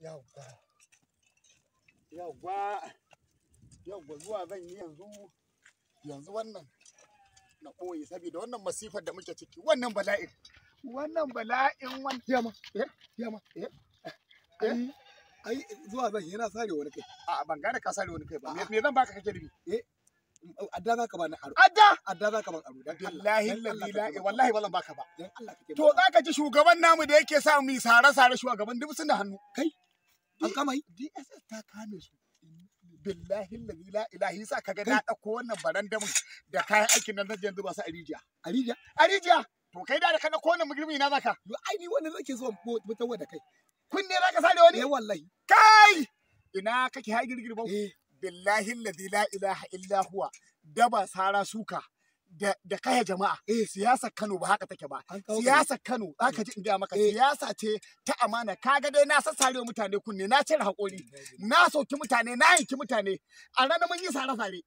yawwa yawwa yawwa zuwa zan yi yanzu yanzu wannan na koyi saboda wannan masifar da muke ciki wannan bala'in wannan bala'in wannan yama eh, yama eh, eh, ai ai zuwa zan yana sare wani kai a ban gane ka sare wani kai ba me zan baka kake dubi eh adda zaka bani aro adda adda zaka bani aro dan wallahi lillahi wallahi ba zan baka ba dan Allah kake to zaka ji shugaban namu da yake sa mu sare sare shugaban dubu sun da hannu kai an kama yi dss ta kame su billahi lazi la ilahi sa kaga na dauko wannan barandamin da kayan aikin nan zan zuba su a rijiya a rijiya a rijiya to kai da da kana ko wannan mugirmi na zaka yo ai ni wannan zake zuwa fitarwa da kai kun ne zaka sare wani eh wallahi kai ina kake ha girgirba eh. billahi lazi la ilaha illa huwa daba sara suka da kaya jama'a eh. siyasar Kano ba haka take ba siyasar Kano aka ji inda maka eh. Eh. siyasa ce ta amana kaga dai na sassarewa mutane kunne na cire hakuri na soki mutane na yanki mutane a ranar mun yi sare sare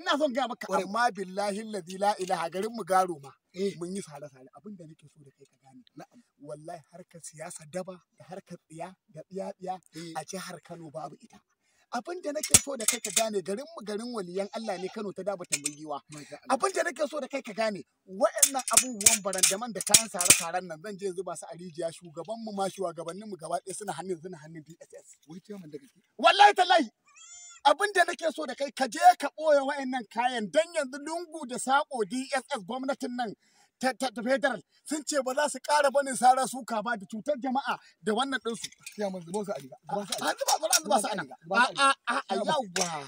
ina son ga maka amma billahi allazi la ilaha garin mu garo ma mun yi sare sare abin da nake so da kai ka gane wallahi harkar siyasa daba da harkar tsiya da tsiya tsiya a jihar Kano babu ita abin da nake so da kai ka gane garin mu garin waliyan Allah ne Kano ta daba tambayiwa abin da nake so da kai ka gane waɗannan abubuwan barandaman da kayan sare saren nan zan je zuba su a rijiya shugaban mu ma gabanin mu gaba ɗaya suna hannun suna hannun DSS wallahi tallahi abin da nake so da kai ka je ka ɓoye waɗannan kayan dan yanzu lungu da sako DSS gwamnatin nan ta federal sun ce ba za su kara banin sara suka ba da cutar jama'a da wannan ɗinsu. Ya mun zubo su a riga. Ba zuba su a riga. A a a yawa.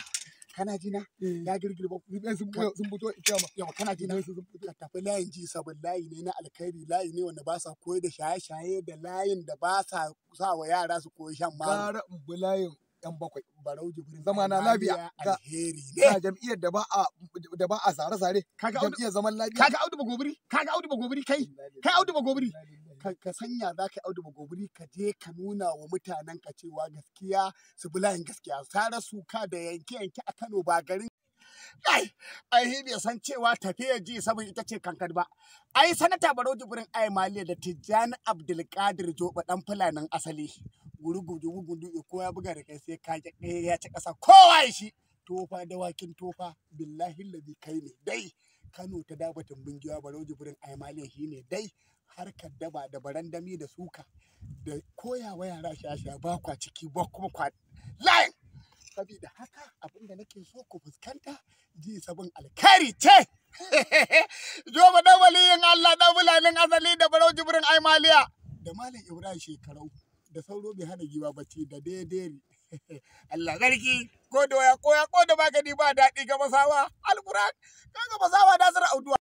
kana jina? na ya eh. girgirba sun fito kyama yawa kana ji ka tafi layin ji sabon layi ne na alkhairi layi ne wanda ba sa koyi da shaye-shaye da layin da ba sa sa wa yara su koyi shan ma gara in layin dan bakwai barau jibrin zama na lafiya ga jam'iyyar da ba a da ba a sare sare jam'iyyar zaman lafiya kaga audu bagobiri kaga audu bagobiri kai kai audu bagobiri ka sanya za ka audu bagobiri ka je ka nuna wa mutanen ka cewa gaskiya su bulayin gaskiya sare suka da yanke yanke a Kano ba garin ai ai bai san cewa tafiya ji saboda ita ce kankar ba ai sanata barau jibrin ai maliya da tijjani abdulkadir joba dan fulanin asali guri gudu eh, ko ya buga da kai sai ka eh, ya ci ƙasa kowa ya shi tofa dawakin tofa billahi lazi kai ne dai kano ta dabatin bungiya barau jibrin aimale shi ne dai harkar daba da barandami da suka da koya wa yara shasha ba kwa ciki ba kuma kwa layin sabida haka abin da nake so ku fuskanta ji sabon alkhairi ce jo ba dan waliyin Allah da bulanin asali da barau jibrin aimaliya da malam ibrahim shekarau da sauro bai hana giwa bacci da daidai Allah sarki ko da waya ko ya? ko da magani ba daɗi ga masawa alquran kaga masawa da sar auduwa